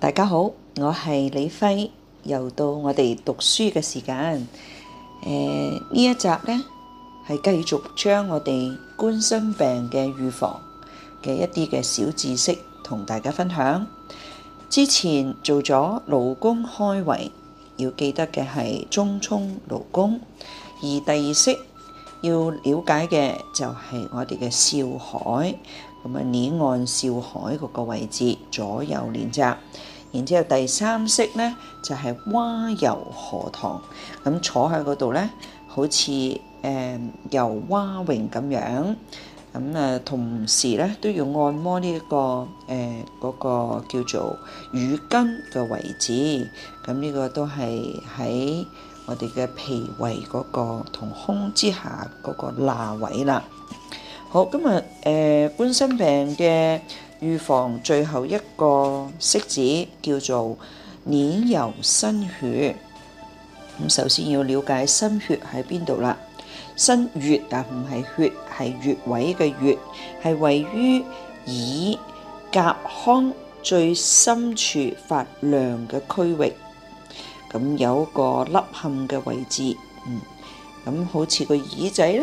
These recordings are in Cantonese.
大家好，我係李輝，又到我哋讀書嘅時間。誒、呃，呢一集咧係繼續將我哋冠心病嘅預防嘅一啲嘅小知識同大家分享。之前做咗勞宮開圍，要記得嘅係中衝勞宮；而第二式要了解嘅就係我哋嘅少海，咁啊捏按少海嗰個位置，左右練習。然之後第三式咧就係、是、蛙遊荷塘，咁坐喺嗰度咧，好似誒遊蛙泳咁樣，咁啊同時咧都要按摩呢、這、一個誒嗰、呃那個、叫做乳根嘅位置，咁呢個都係喺我哋嘅脾胃嗰個同胸之下嗰個罅位啦。好，今日誒冠心病嘅。預防最後一個色字叫做捻揉心穴，首先要了解心穴喺邊度啦。心穴啊，唔係血，係穴位嘅穴，係位於耳甲腔最深處發亮嘅區域，咁有一個凹陷嘅位置，嗯，咁好似個耳仔咧，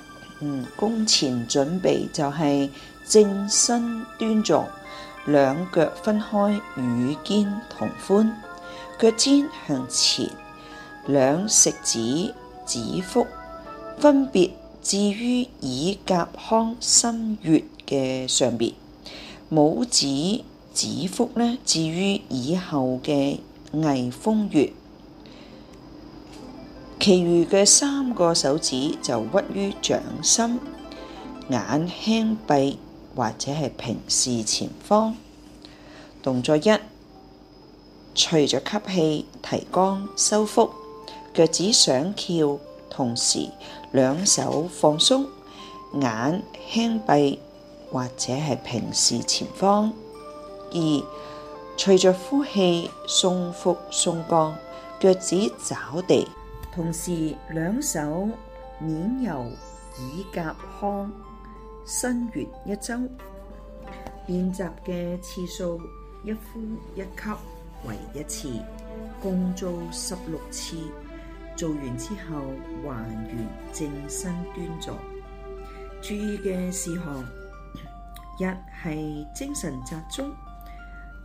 嗯，功前準備就係正身端坐，兩腳分開與肩同寬，腳尖向前，兩食指指腹分別置於耳甲腔心穴嘅上邊，拇指指腹咧置於耳後嘅翳風穴。其餘嘅三個手指就屈於掌心，眼輕閉或者係平視前方。動作一，隨着吸氣提肛收腹，腳趾上翹，同時兩手放鬆，眼輕閉或者係平視前方。二，隨着呼氣鬆腹鬆肛，腳趾找地。同時兩手捻揉耳甲腔。伸越一周練習嘅次數，一呼一吸為一次，共做十六次。做完之後還原正身端坐。注意嘅事項：一係精神集中，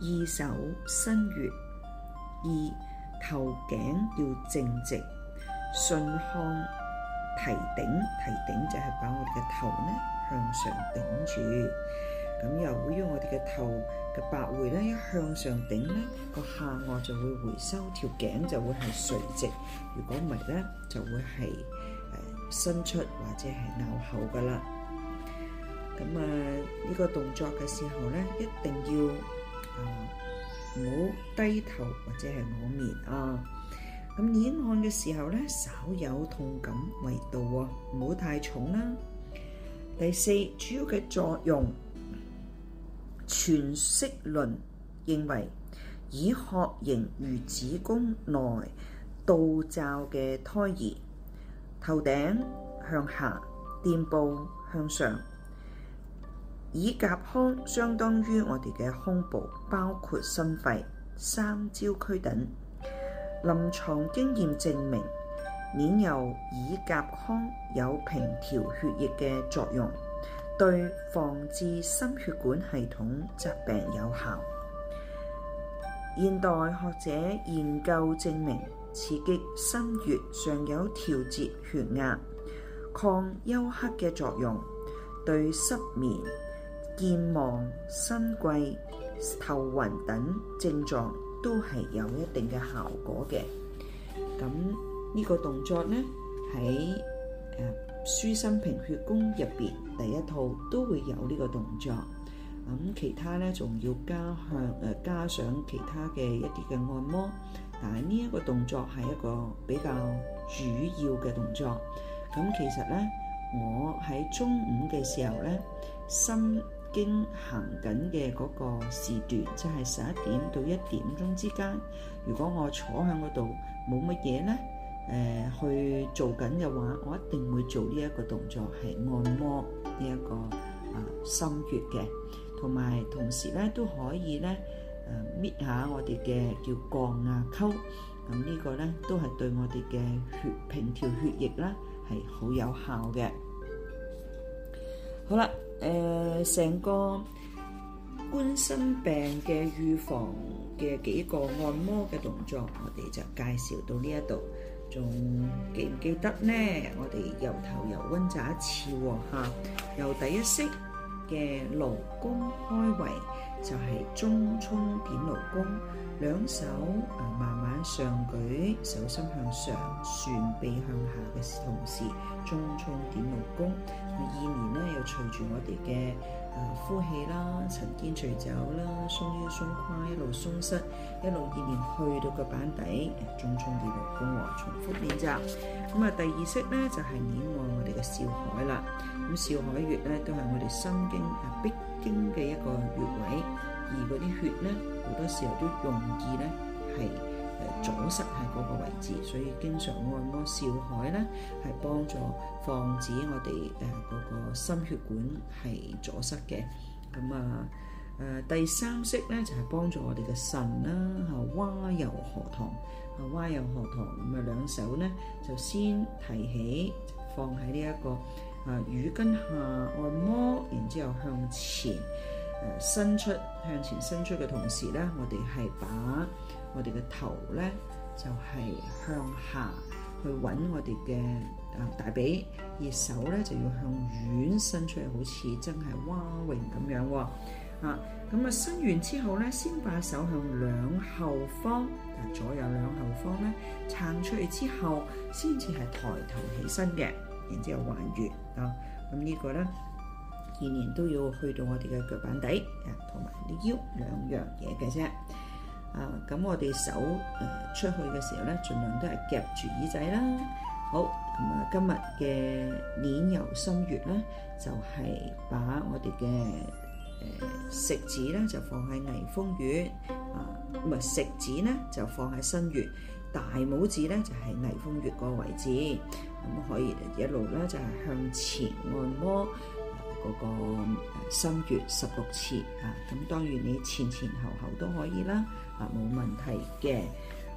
二手伸越，二頭頸要正直。順向提頂，提頂就係把我哋嘅頭咧向上頂住，咁由於我哋嘅頭嘅百會咧一向上頂咧，個下顎就會回收，條頸就會係垂直。如果唔係咧，就會係誒伸出或者係拗後噶啦。咁啊，呢個動作嘅時候咧，一定要啊唔好低頭或者係仰面啊。咁捏按嘅時候咧，稍有痛感為度，唔好太重啦。第四主要嘅作用，全息論認為，耳殼形如子宮內倒置嘅胎兒，頭頂向下，臀部向上，耳甲腔相當於我哋嘅胸部，包括心肺、三焦區等。臨床經驗證明，捻揉耳甲腔有平調血液嘅作用，對防治心血管系統疾病有效。現代學者研究證明，刺激心穴尚有調節血壓、抗休克嘅作用，對失眠、健忘、心悸、頭暈等症狀。都係有一定嘅效果嘅，咁呢個動作咧喺，誒舒心平血功入邊第一套都會有呢個動作，咁其他咧仲要加向，誒加上其他嘅一啲嘅按摩，但係呢一個動作係一個比較主要嘅動作，咁其實咧我喺中午嘅時候咧心。經行緊嘅嗰個時段，即係十一點到一點鐘之間。如果我坐響嗰度冇乜嘢咧，誒去做緊嘅話，我一定會做呢一個動作，係按摩呢一個誒心穴嘅，同埋同時咧都可以咧誒搣下我哋嘅叫降壓溝。咁呢個咧都係對我哋嘅血平調血液啦，係好有效嘅。好啦。誒、呃，成個冠心病嘅預防嘅幾個按摩嘅動作，我哋就介紹到呢一度，仲記唔記得呢？我哋由頭由温就一次喎，吓、啊、由第一式嘅勞宮開胃。就係、是、中衝點勞宮，兩手啊慢慢上舉，手心向上，旋臂向下嘅同時，中衝點勞宮。咁意念咧又隨住我哋嘅呼氣啦，沉肩垂肘啦，鬆腰鬆胯一路鬆膝，一路意念去到腳板底，中衝點勞宮。重複練習。咁啊，第二式咧就係練我哋嘅少海啦。咁少海穴咧都係我哋心經啊逼。經嘅一個穴位，而嗰啲血咧好多時候都容易咧係誒阻塞喺嗰個位置，所以經常按摩少海咧係幫助防止我哋誒嗰個心血管係阻塞嘅。咁啊誒第三式咧就係幫助我哋嘅腎啦，吓蛙游荷塘，吓蛙游荷塘，咁啊兩手咧就先提起放喺呢一個。啊，乳根下按摩，然之後向前伸出，向前伸出嘅同時咧，我哋係把我哋嘅頭咧就係、是、向下去揾我哋嘅啊大髀，而手咧就要向遠伸出嚟，好似真係蛙泳咁樣喎。啊，咁啊伸完之後咧，先把手向兩後方，啊左右兩後方咧撐出去之後，先至係抬頭起身嘅。然之後還原啊，咁、這個、呢個咧年年都要去到我哋嘅腳板底啊，同埋啲腰兩樣嘢嘅啫。啊，咁、啊、我哋手、呃、出去嘅時候咧，儘量都係夾住耳仔啦。好，咁啊，今日嘅捻揉心穴咧，就係、是、把我哋嘅誒食指咧就放喺微風穴啊，唔、呃、係食指咧就放喺心穴。大拇指咧就係危風穴個位置，咁可以一路咧就係向前按摩嗰個心穴十六次啊。咁當然你前前後後都可以啦，啊，冇問題嘅。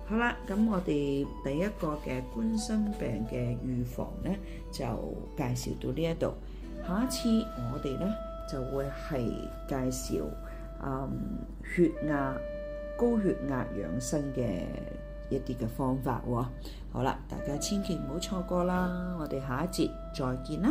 好啦，咁我哋第一個嘅冠心病嘅預防咧就介紹到呢一度。下一次我哋咧就會係介紹啊，血壓高血壓養生嘅。一啲嘅方法喎、哦，好啦，大家千祈唔好錯過啦，我哋下一節再見啦。